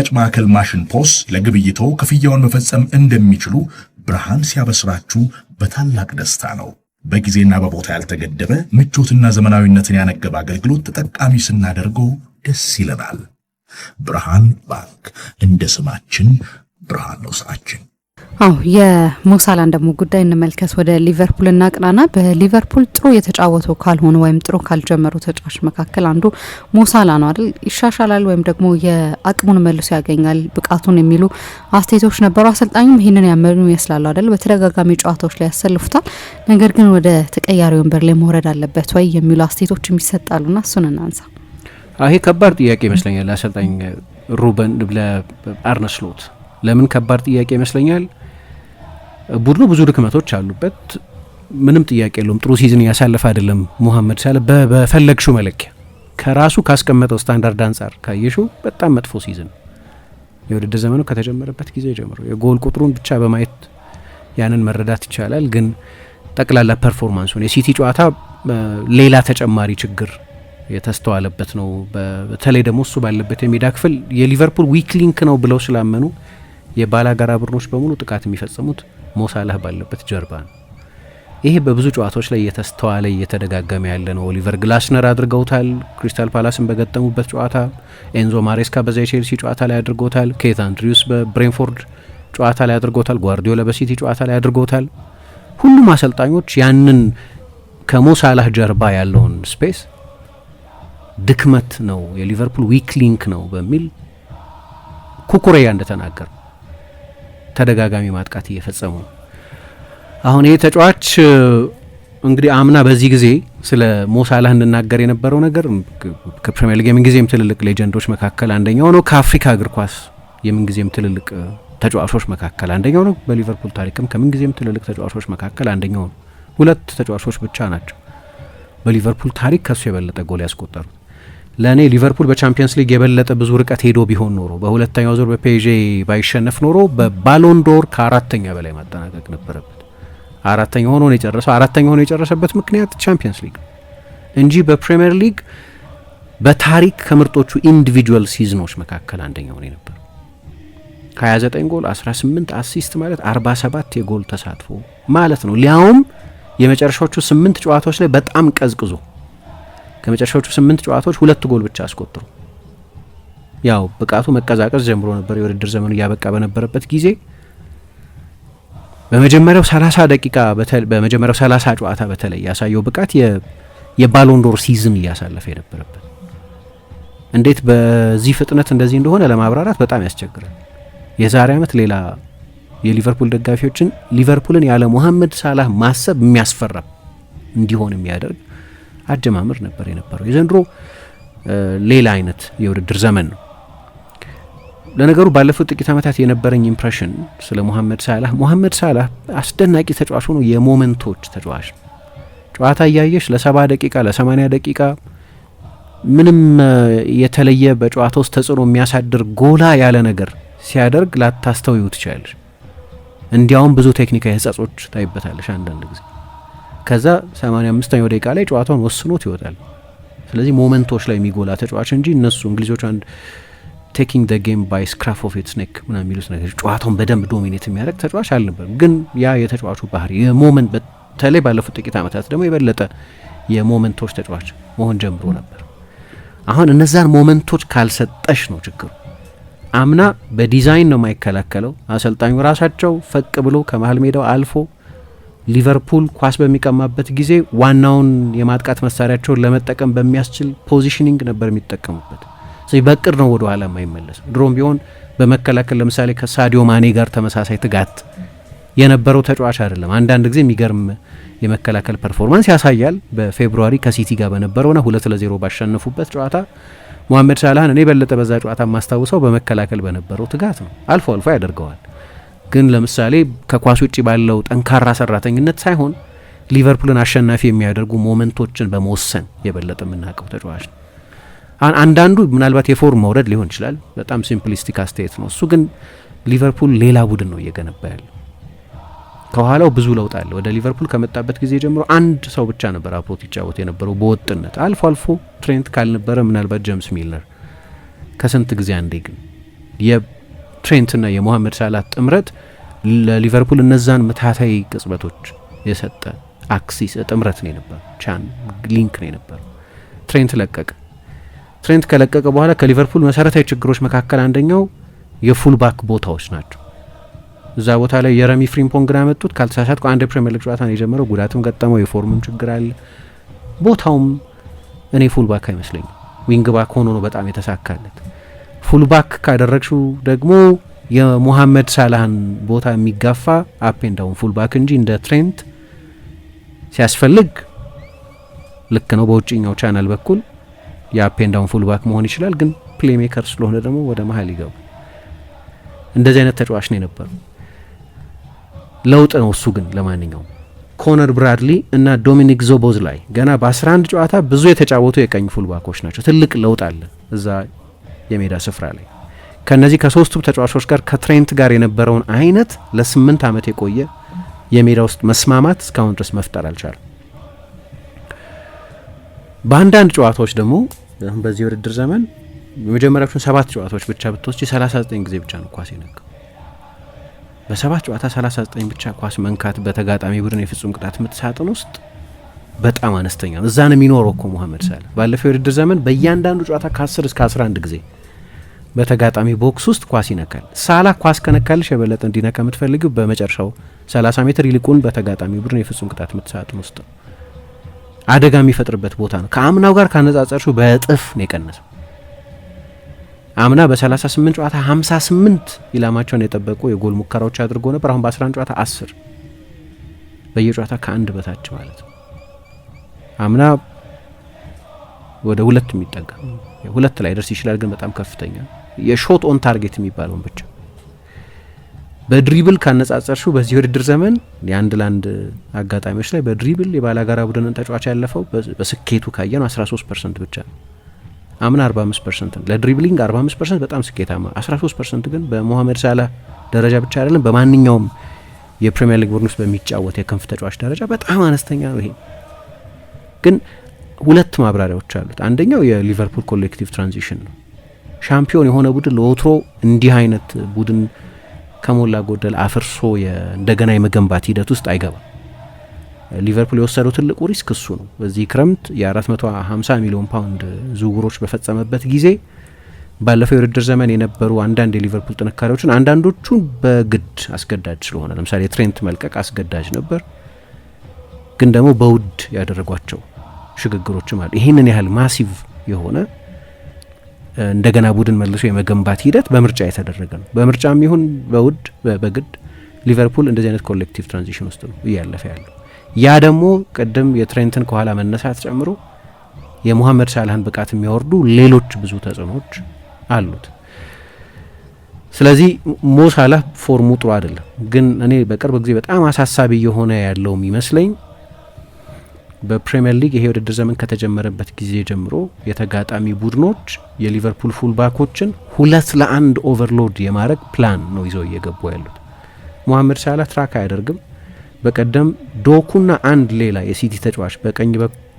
የሽያጭ ማዕከል ማሽን ፖስ ለግብይተው ክፍያውን መፈጸም እንደሚችሉ ብርሃን ሲያበስራችሁ በታላቅ ደስታ ነው። በጊዜና በቦታ ያልተገደበ ምቾትና ዘመናዊነትን ያነገበ አገልግሎት ተጠቃሚ ስናደርገው ደስ ይለናል። ብርሃን ባንክ እንደ ስማችን ብርሃን ነው ስራችን። አዎ የሞሳላን ደግሞ ጉዳይ እንመልከት። ወደ ሊቨርፑል እናቅናና በሊቨርፑል ጥሩ የተጫወቱ ካልሆኑ ወይም ጥሩ ካልጀመሩ ተጫዋች መካከል አንዱ ሞሳላ ነው አይደል? ይሻሻላል ወይም ደግሞ የአቅሙን መልሶ ያገኛል ብቃቱን የሚሉ አስተያየቶች ነበሩ። አሰልጣኙም ይህንን ያመኑ ይመስላሉ አይደል? በተደጋጋሚ ጨዋታዎች ላይ ያሰልፉታል። ነገር ግን ወደ ተቀያሪ ወንበር ላይ መውረድ አለበት ወይ የሚሉ አስተያየቶችም ና እሱን እናንሳ። ይሄ ከባድ ጥያቄ ይመስለኛል አሰልጣኝ ሩበን ለአርነ ስሎት ለምን ከባድ ጥያቄ ይመስለኛል። ቡድኑ ብዙ ድክመቶች አሉበት፣ ምንም ጥያቄ የለውም። ጥሩ ሲዝን እያሳለፈ አይደለም ሙሐመድ ሳለ በፈለግሽው መለኪያ ከራሱ ካስቀመጠው ስታንዳርድ አንጻር ካየሽው በጣም መጥፎ ሲዝን የውድድር ዘመኑ ከተጀመረበት ጊዜ ጀምሮ የጎል ቁጥሩን ብቻ በማየት ያንን መረዳት ይቻላል። ግን ጠቅላላ ፐርፎርማንሱን የሲቲ ጨዋታ ሌላ ተጨማሪ ችግር የተስተዋለበት ነው። በተለይ ደግሞ እሱ ባለበት የሜዳ ክፍል የሊቨርፑል ዊክሊንክ ነው ብለው ስላመኑ የባላጋራ ቡድኖች በሙሉ ጥቃት የሚፈጽሙት ሞሳላህ ባለበት ጀርባ ነው። ይሄ በብዙ ጨዋታዎች ላይ እየተስተዋለ እየተደጋገመ ያለ ነው። ኦሊቨር ግላስነር አድርገውታል፣ ክሪስታል ፓላስን በገጠሙበት ጨዋታ፣ ኤንዞ ማሬስካ በዛ የቼልሲ ጨዋታ ላይ አድርጎታል፣ ኬት አንድሪውስ በብሬንፎርድ ጨዋታ ላይ አድርጎታል ጓርዲዮላ በሲቲ ጨዋታ ላይ አድርጎታል ሁሉም አሰልጣኞች ያንን ከሞሳላህ ጀርባ ያለውን ስፔስ ድክመት ነው የሊቨርፑል ዊክ ሊንክ ነው በሚል ኩኩሬያ እንደተናገር ተደጋጋሚ ማጥቃት እየፈጸሙ ነው። አሁን ይህ ተጫዋች እንግዲህ አምና በዚህ ጊዜ ስለ ሞሳላህ እንናገር የነበረው ነገር ከፕሪሚየር ሊግ የምንጊዜም ትልልቅ ሌጀንዶች መካከል አንደኛው ነው። ከአፍሪካ እግር ኳስ የምንጊዜም ትልልቅ ተጫዋቾች መካከል አንደኛው ነው። በሊቨርፑል ታሪክም ከምንጊዜም ትልልቅ ተጫዋቾች መካከል አንደኛው ነው። ሁለት ተጫዋቾች ብቻ ናቸው በሊቨርፑል ታሪክ ከሱ የበለጠ ጎል ያስቆጠሩት። ለእኔ ሊቨርፑል በቻምፒየንስ ሊግ የበለጠ ብዙ ርቀት ሄዶ ቢሆን ኖሮ በሁለተኛው ዙር በፔዤ ባይሸነፍ ኖሮ በባሎንዶር ከአራተኛ በላይ ማጠናቀቅ ነበረበት። አራተኛ ሆኖ ነው የጨረሰው። አራተኛ ሆኖ የጨረሰበት ምክንያት ቻምፒየንስ ሊግ እንጂ በፕሪምየር ሊግ በታሪክ ከምርጦቹ ኢንዲቪጁዋል ሲዝኖች መካከል አንደኛ ነው ነበር። ከ ከ29 ጎል 18 አሲስት ማለት 47 የጎል ተሳትፎ ማለት ነው። ሊያውም የመጨረሻዎቹ ስምንት ጨዋታዎች ላይ በጣም ቀዝቅዞ ከመጨረሻዎቹ ስምንት ጨዋታዎች ሁለት ጎል ብቻ አስቆጥሩ። ያው ብቃቱ መቀዛቀዝ ጀምሮ ነበር። የውድድር ዘመኑ እያበቃ በነበረበት ጊዜ በመጀመሪያው 30 ደቂቃ በመጀመሪያው 30 ጨዋታ በተለይ ያሳየው ብቃት የባሎንዶር ሲዝን እያሳለፈ የነበረበት እንዴት በዚህ ፍጥነት እንደዚህ እንደሆነ ለማብራራት በጣም ያስቸግራል። የዛሬ ዓመት ሌላ የሊቨርፑል ደጋፊዎችን ሊቨርፑልን ያለ ሞሐመድ ሳላህ ማሰብ የሚያስፈራ እንዲሆን የሚያደርግ አጀማመር ነበር የነበረው። የዘንድሮ ሌላ አይነት የውድድር ዘመን ነው። ለነገሩ ባለፉት ጥቂት ዓመታት የነበረኝ ኢምፕሬሽን ስለ ሞሐመድ ሳላህ ሞሐመድ ሳላህ አስደናቂ ተጫዋች ሆኖ የሞመንቶች ተጫዋች ነው። ጨዋታ እያየሽ ለሰባ ደቂቃ ለሰማኒያ ደቂቃ ምንም የተለየ በጨዋታ ውስጥ ተጽዕኖ የሚያሳድር ጎላ ያለ ነገር ሲያደርግ ላታስተውዩ ትችላለሽ። እንዲያውም ብዙ ቴክኒካዊ ሕጸጾች ታይበታለሽ አንዳንድ ጊዜ ከዛ 85ኛው ደቂቃ ላይ ጨዋታውን ወስኖት ይወጣል። ስለዚህ ሞመንቶች ላይ የሚጎላ ተጫዋች እንጂ እነሱ እንግሊዞች አንድ ቴኪንግ ደ ጌም ባይ ስክራፍ ኦፍ ኢትስ ኔክ ምና የሚሉት ነገር ጨዋታውን በደንብ ዶሚኔት የሚያደርግ ተጫዋች አልነበርም። ግን ያ የተጫዋቹ ባህሪ የሞመንት በተለይ ባለፉት ጥቂት ዓመታት ደግሞ የበለጠ የሞመንቶች ተጫዋች መሆን ጀምሮ ነበር። አሁን እነዛን ሞመንቶች ካልሰጠሽ ነው ችግሩ። አምና በዲዛይን ነው የማይከላከለው። አሰልጣኙ ራሳቸው ፈቅ ብሎ ከመሀል ሜዳው አልፎ ሊቨርፑል ኳስ በሚቀማበት ጊዜ ዋናውን የማጥቃት መሳሪያቸውን ለመጠቀም በሚያስችል ፖዚሽኒንግ ነበር የሚጠቀሙበት። ስለዚህ በቅድ ነው ወደ ኋላ የማይመለስ ድሮም ቢሆን በመከላከል ለምሳሌ ከሳዲዮ ማኔ ጋር ተመሳሳይ ትጋት የነበረው ተጫዋች አይደለም። አንዳንድ ጊዜ የሚገርም የመከላከል ፐርፎርማንስ ያሳያል። በፌብሩዋሪ ከሲቲ ጋር በነበረውና ሁለት ለዜሮ ባሸነፉበት ጨዋታ ሞሐመድ ሳላህን እኔ የበለጠ በዛ ጨዋታ የማስታውሰው በመከላከል በነበረው ትጋት ነው። አልፎ አልፎ ያደርገዋል ግን ለምሳሌ ከኳስ ውጭ ባለው ጠንካራ ሰራተኝነት ሳይሆን ሊቨርፑልን አሸናፊ የሚያደርጉ ሞመንቶችን በመወሰን የበለጠ የምናውቀው ተጫዋች ነው። አንዳንዱ ምናልባት የፎርም መውረድ ሊሆን ይችላል። በጣም ሲምፕሊስቲክ አስተያየት ነው እሱ። ግን ሊቨርፑል ሌላ ቡድን ነው እየገነባ ያለው። ከኋላው ብዙ ለውጥ አለ። ወደ ሊቨርፑል ከመጣበት ጊዜ ጀምሮ አንድ ሰው ብቻ ነበር አብሮት ይጫወት የነበረው በወጥነት። አልፎ አልፎ ትሬንት ካልነበረ ምናልባት ጀምስ ሚልነር ከስንት ጊዜ አንዴ ግን የትሬንትና የሞሐመድ ሳላት ጥምረት ለሊቨርፑል እነዛን ምታታዊ ቅጽበቶች የሰጠ አክሲስ ጥምረት ነው የነበረው። ቻን ሊንክ ነው የነበረው። ትሬንት ለቀቀ። ትሬንት ከለቀቀ በኋላ ከሊቨርፑል መሰረታዊ ችግሮች መካከል አንደኛው የፉልባክ ቦታዎች ናቸው። እዛ ቦታ ላይ የረሚ ፍሪምፖንግን ያመጡት ካልተሳሳትኩ አንድ የፕሪሚየር ሊግ ጨዋታ ነው የጀመረው። ጉዳትም ገጠመው፣ የፎርምም ችግር አለ። ቦታውም እኔ ፉልባክ አይመስለኝም፣ ዊንግ ባክ ሆኖ ነው በጣም የተሳካለት። ፉልባክ ካደረግሽው ደግሞ የሙሐመድ ሳላህን ቦታ የሚጋፋ አፔን ዳውን ፉልባክ እንጂ እንደ ትሬንት ሲያስፈልግ ልክ ነው። በውጭኛው ቻናል በኩል የአፔን ዳውን ፉልባክ መሆን ይችላል። ግን ፕሌሜከር ስለሆነ ደግሞ ወደ መሀል ይገቡ። እንደዚህ አይነት ተጫዋች ነው የነበሩ ለውጥ ነው እሱ። ግን ለማንኛውም ኮነር ብራድሊ እና ዶሚኒክ ዞቦዝ ላይ ገና በ11 ጨዋታ ብዙ የተጫወቱ የቀኝ ፉልባኮች ናቸው። ትልቅ ለውጥ አለ እዛ የሜዳ ስፍራ ላይ ከነዚህ ከሶስቱ ተጫዋቾች ጋር ከትሬንት ጋር የነበረውን አይነት ለስምንት ዓመት የቆየ የሜዳ ውስጥ መስማማት እስካሁን ድረስ መፍጠር አልቻለም። በአንዳንድ ጨዋታዎች ደግሞ አሁን በዚህ ውድድር ዘመን የመጀመሪያዎቹን ሰባት ጨዋታዎች ብቻ ብትወስጂ 39 ጊዜ ብቻ ነው ኳስ የነካው። በሰባት ጨዋታ 39 ብቻ ኳስ መንካት በተጋጣሚ ቡድን የፍጹም ቅጣት ምት ሳጥን ውስጥ በጣም አነስተኛ ነው። እዛ ነው የሚኖረው እኮ መሐመድ ሳለ ባለፈው የውድድር ዘመን በእያንዳንዱ ጨዋታ ከ10 እስከ 11 ጊዜ በተጋጣሚ ቦክስ ውስጥ ኳስ ይነካል። ሳላ ኳስ ከነካልሽ የበለጠ እንዲነካ የምትፈልጊው በመጨረሻው 30 ሜትር ይልቁን በተጋጣሚ ቡድን የፍጹም ቅጣት ምት ሳጥን ውስጥ ነው። አደጋ የሚፈጥርበት ቦታ ነው። ከአምናው ጋር ካነጻጸርሽው በእጥፍ ነው የቀነሰው። አምና በ38 ጨዋታ 58 ኢላማቸውን የጠበቁ የጎል ሙከራዎች አድርጎ ነበር። አሁን በ11 ጨዋታ 10 በየጨዋታ ከአንድ በታች ማለት ነው። አምና ወደ ሁለት የሚጠጋ ሁለት ላይ ደርስ ይችላል፣ ግን በጣም ከፍተኛ የሾት ኦን ታርጌት የሚባለውን ብቻ በድሪብል ካነጻጸርሽው በዚህ ውድድር ዘመን የአንድ ለአንድ አጋጣሚዎች ላይ በድሪብል የባላጋራ ቡድንን ተጫዋች ያለፈው በስኬቱ ካየነው 13 ፐርሰንት ብቻ ነው። አምና 45 ፐርሰንት ነው። ለድሪብሊንግ 45 ፐርሰንት በጣም ስኬታማ፣ 13 ፐርሰንት ግን በሞሐመድ ሳላ ደረጃ ብቻ አይደለም፣ በማንኛውም የፕሪሚየር ሊግ ቡድን ውስጥ በሚጫወት የክንፍ ተጫዋች ደረጃ በጣም አነስተኛ ነው። ይሄ ግን ሁለት ማብራሪያዎች አሉት። አንደኛው የሊቨርፑል ኮሌክቲቭ ትራንዚሽን ነው። ሻምፒዮን የሆነ ቡድን ለወትሮ እንዲህ አይነት ቡድን ከሞላ ጎደል አፍርሶ እንደገና የመገንባት ሂደት ውስጥ አይገባም። ሊቨርፑል የወሰደው ትልቁ ሪስክ እሱ ነው። በዚህ ክረምት የ450 ሚሊዮን ፓውንድ ዝውውሮች በፈጸመበት ጊዜ ባለፈው የውድድር ዘመን የነበሩ አንዳንድ የሊቨርፑል ጥንካሬዎችን አንዳንዶቹን በግድ አስገዳጅ ስለሆነ ለምሳሌ የትሬንት መልቀቅ አስገዳጅ ነበር፣ ግን ደግሞ በውድ ያደረጓቸው ሽግግሮችም አሉ። ይህንን ያህል ማሲቭ የሆነ እንደገና ቡድን መልሶ የመገንባት ሂደት በምርጫ የተደረገ ነው። በምርጫም ይሁን በውድ በግድ ሊቨርፑል እንደዚህ አይነት ኮሌክቲቭ ትራንዚሽን ውስጥ ነው እያለፈ ያለው። ያ ደግሞ ቅድም የትሬንትን ከኋላ መነሳት ጨምሮ የሙሐመድ ሳላህን ብቃት የሚያወርዱ ሌሎች ብዙ ተጽዕኖዎች አሉት። ስለዚህ ሞሳላህ ፎርሙ ጥሩ አይደለም፣ ግን እኔ በቅርብ ጊዜ በጣም አሳሳቢ የሆነ ያለው የሚመስለኝ በፕሪምየር ሊግ ይሄ ውድድር ዘመን ከተጀመረበት ጊዜ ጀምሮ የተጋጣሚ ቡድኖች የሊቨርፑል ፉል ባኮችን ሁለት ለአንድ ኦቨርሎድ የማድረግ ፕላን ነው ይዘው እየገቡ ያሉት። ሞሐመድ ሳላ ትራክ አያደርግም። በቀደም ዶኩና አንድ ሌላ የሲቲ ተጫዋች በቀኝ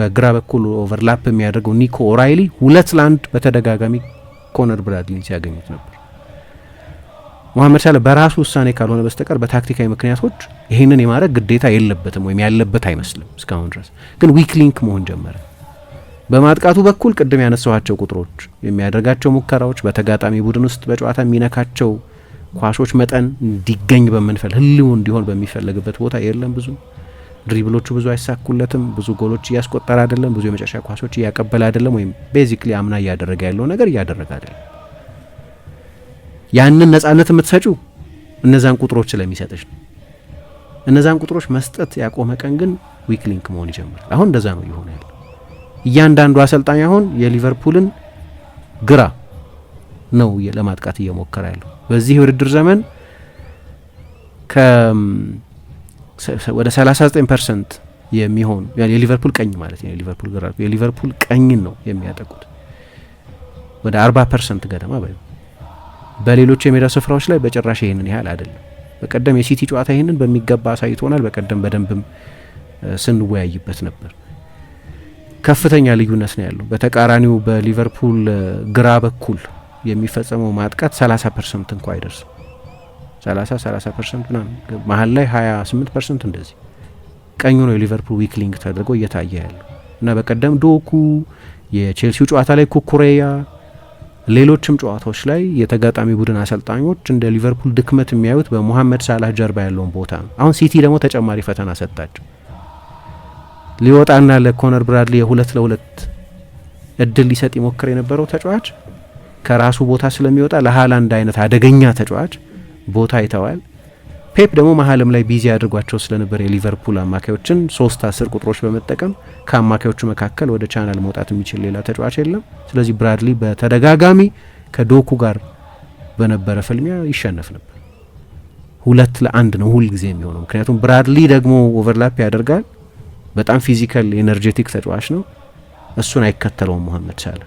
በግራ በኩል ኦቨርላፕ የሚያደርገው ኒኮ ኦራይሊ ሁለት ለአንድ በተደጋጋሚ ኮነር ብራድሊን ሲያገኙት ነበር። መሀመድ ሳላ በራሱ ውሳኔ ካልሆነ በስተቀር በታክቲካዊ ምክንያቶች ይህንን የማድረግ ግዴታ የለበትም ወይም ያለበት አይመስልም። እስካሁን ድረስ ግን ዊክ ሊንክ መሆን ጀመረ። በማጥቃቱ በኩል ቅድም ያነሳኋቸው ቁጥሮች የሚያደርጋቸው ሙከራዎች፣ በተጋጣሚ ቡድን ውስጥ በጨዋታ የሚነካቸው ኳሶች መጠን እንዲገኝ በምንፈል ህልው እንዲሆን በሚፈለግበት ቦታ የለም። ብዙ ድሪብሎቹ ብዙ አይሳኩለትም። ብዙ ጎሎች እያስቆጠረ አይደለም። ብዙ የመጨረሻ ኳሶች እያቀበለ አይደለም። ወይም ቤዚክሊ አምና እያደረገ ያለው ነገር እያደረገ አይደለም። ያንን ነጻነት የምትሰጩ እነዛን ቁጥሮች ስለሚሰጥሽ ነው። እነዛን ቁጥሮች መስጠት ያቆመ ቀን ግን ዊክሊንክ መሆን ይጀምራል። አሁን እንደዛ ነው እየሆነ ያለ። እያንዳንዱ አሰልጣኝ አሁን የሊቨርፑልን ግራ ነው ለማጥቃት እየሞከረ ያለው። በዚህ የውድድር ዘመን ወደ 39 ፐርሰንት የሚሆን የሊቨርፑል ቀኝ ማለት ነው የሊቨርፑል ግራ የሊቨርፑል ቀኝን ነው የሚያጠቁት ወደ 40 ፐርሰንት ገደማ በሌሎች የሜዳ ስፍራዎች ላይ በጭራሽ ይህንን ያህል አይደለም። በቀደም የሲቲ ጨዋታ ይህንን በሚገባ አሳይቶናል። በቀደም በደንብም ስንወያይበት ነበር። ከፍተኛ ልዩነት ነው ያለው። በተቃራኒው በሊቨርፑል ግራ በኩል የሚፈጸመው ማጥቃት 30 ፐርሰንት እንኳ አይደርስም። 30 30 ፐርሰንት ምናምን መሀል ላይ 28 ፐርሰንት እንደዚህ ቀኙ ነው የሊቨርፑል ዊክሊንግ ተደርጎ እየታየ ያለው እና በቀደም ዶኩ የቼልሲው ጨዋታ ላይ ኩኩሬያ ሌሎችም ጨዋታዎች ላይ የተጋጣሚ ቡድን አሰልጣኞች እንደ ሊቨርፑል ድክመት የሚያዩት በሞሐመድ ሳላህ ጀርባ ያለውን ቦታ ነው። አሁን ሲቲ ደግሞ ተጨማሪ ፈተና ሰጣቸው። ሊወጣና ለኮነር ብራድሊ የሁለት ለሁለት እድል ሊሰጥ ይሞክር የነበረው ተጫዋች ከራሱ ቦታ ስለሚወጣ ለሀላንድ አይነት አደገኛ ተጫዋች ቦታ ይተዋል። ፔፕ ደግሞ መሀልም ላይ ቢዚ አድርጓቸው ስለነበር የሊቨርፑል አማካዮችን ሶስት አስር ቁጥሮች በመጠቀም ከአማካዮቹ መካከል ወደ ቻናል መውጣት የሚችል ሌላ ተጫዋች የለም። ስለዚህ ብራድሊ በተደጋጋሚ ከዶኩ ጋር በነበረ ፍልሚያ ይሸነፍ ነበር። ሁለት ለአንድ ነው ሁል ጊዜ የሚሆነው፣ ምክንያቱም ብራድሊ ደግሞ ኦቨርላፕ ያደርጋል። በጣም ፊዚካል ኤነርጄቲክ ተጫዋች ነው። እሱን አይከተለውም መሆን ሳላ።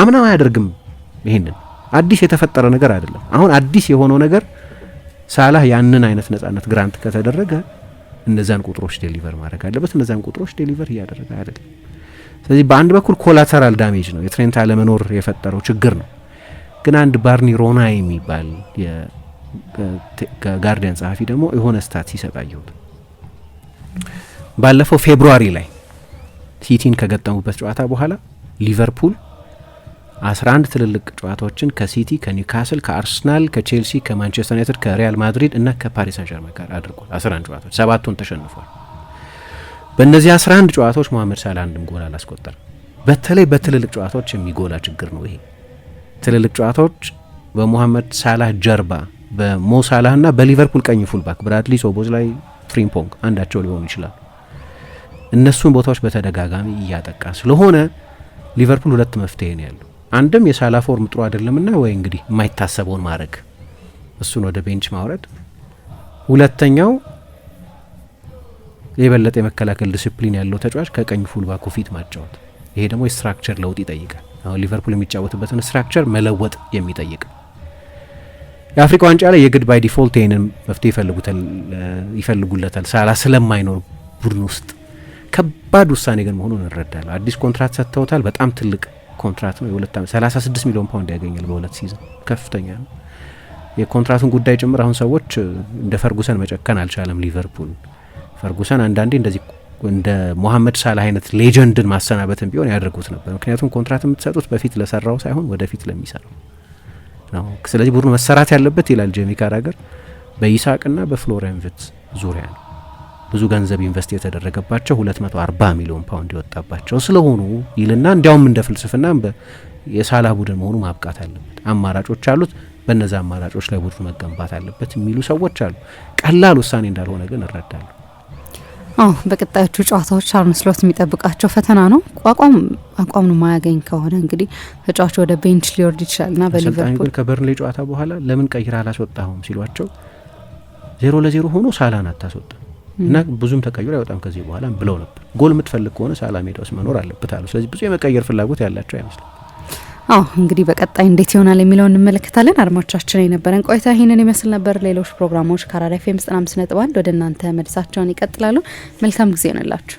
አምናው አያደርግም። ይህንን አዲስ የተፈጠረ ነገር አይደለም። አሁን አዲስ የሆነው ነገር ሳላህ ያንን አይነት ነጻነት ግራንት ከተደረገ እነዛን ቁጥሮች ዴሊቨር ማድረግ አለበት። እነዛን ቁጥሮች ዴሊቨር እያደረገ አይደለም። ስለዚህ በአንድ በኩል ኮላተራል ዳሜጅ ነው የትሬንት አለመኖር የፈጠረው ችግር ነው። ግን አንድ ባርኒ ሮና የሚባል ጋርዲያን ጸሐፊ ደግሞ የሆነ ስታት ሲሰጥ አየሁት። ባለፈው ፌብሩዋሪ ላይ ሲቲን ከገጠሙበት ጨዋታ በኋላ ሊቨርፑል 11 ትልልቅ ጨዋታዎችን ከሲቲ፣ ከኒውካስል፣ ከአርሰናል፣ ከቼልሲ፣ ከማንቸስተር ዩናይትድ፣ ከሪያል ማድሪድ እና ከፓሪስ ሳን ዠርማን ጋር አድርጓል። 11 ጨዋታዎች ሰባቱን ተሸንፏል። በእነዚህ 11 ጨዋታዎች መሐመድ ሳላ አንድም ጎል አላስቆጠርም። በተለይ በትልልቅ ጨዋታዎች የሚጎላ ችግር ነው ይሄ። ትልልቅ ጨዋታዎች በሞሐመድ ሳላህ ጀርባ በሞሳላህ እና በሊቨርፑል ቀኝ ፉልባክ ብራድሊ ሶቦዝ ላይ ፍሪምፖንግ አንዳቸው ሊሆኑ ይችላል። እነሱን ቦታዎች በተደጋጋሚ እያጠቃ ስለሆነ ሊቨርፑል ሁለት መፍትሄ ነው ያለው አንድም የሳላ ፎርም ጥሩ አይደለምና ወይ እንግዲህ የማይታሰበውን ማድረግ እሱን ወደ ቤንች ማውረድ፣ ሁለተኛው የበለጠ የመከላከል ዲስፕሊን ያለው ተጫዋች ከቀኝ ፉልባኩ ፊት ማጫወት። ይሄ ደግሞ የስትራክቸር ለውጥ ይጠይቃል። አሁን ሊቨርፑል የሚጫወትበትን ስትራክቸር መለወጥ የሚጠይቅ የአፍሪካ ዋንጫ ላይ የግድ ባይ ዲፎልት ይህንን መፍትሄ ይፈልጉለታል። ሳላ ስለማይኖር ቡድን ውስጥ ከባድ ውሳኔ ግን መሆኑን እንረዳለሁ። አዲስ ኮንትራት ሰጥተውታል። በጣም ትልቅ ኮንትራት ነው። የሁለት ዓመት 36 ሚሊዮን ፓውንድ ያገኛል በሁለት ሲዝን ከፍተኛ ነው። የኮንትራቱን ጉዳይ ጭምር አሁን ሰዎች እንደ ፈርጉሰን መጨከን አልቻለም ሊቨርፑል። ፈርጉሰን አንዳንዴ እንደዚህ እንደ ሞሐመድ ሳላህ አይነት ሌጀንድን ማሰናበትን ቢሆን ያደርጉት ነበር። ምክንያቱም ኮንትራት የምትሰጡት በፊት ለሰራው ሳይሆን ወደፊት ለሚሰራው ነው። ስለዚህ ቡድኑ መሰራት ያለበት ይላል ጄሚ ካራገር በይስቅና በፍሎሪያን ቪርትዝ ዙሪያ ነው። ብዙ ገንዘብ ኢንቨስት የተደረገባቸው 240 ሚሊዮን ፓውንድ የወጣባቸው ስለሆኑ ይልና እንዲያውም እንደ ፍልስፍና የሳላ ቡድን መሆኑ ማብቃት አለበት፣ አማራጮች አሉት፣ በነዛ አማራጮች ላይ ቡድኑ መገንባት አለበት የሚሉ ሰዎች አሉ። ቀላል ውሳኔ እንዳልሆነ ግን እረዳለሁ። አዎ በቀጣዮቹ ጨዋታዎች አርነ ስሎት የሚጠብቃቸው ፈተና ነው። አቋም አቋም ማያገኝ ከሆነ እንግዲህ ተጫዋቹ ወደ ቤንች ሊወርድ ይችላል ና በሊቨርፑል ከበርንሌ ጨዋታ በኋላ ለምን ቀይራ አላስወጣሁም ሲሏቸው ዜሮ ለዜሮ ሆኖ ሳላን አታስወጣም እና ብዙም ተቀይሮ አይወጣም ከዚህ በኋላ ብለው ነበር። ጎል የምትፈልግ ከሆነ ሳላ ሜዳ ውስጥ መኖር አለበት አሉ። ስለዚህ ብዙ የመቀየር ፍላጎት ያላቸው አይመስልም። አዎ እንግዲህ በቀጣይ እንዴት ይሆናል የሚለውን እንመለከታለን። አድማቻችን የነበረን ቆይታ ይህንን ይመስል ነበር። ሌሎች ፕሮግራሞች ከአራዳ ኤፍ ኤም ዘጠና አምስት ነጥብ አንድ ወደ እናንተ መልሳቸውን ይቀጥላሉ። መልካም ጊዜ ይሆንላችሁ።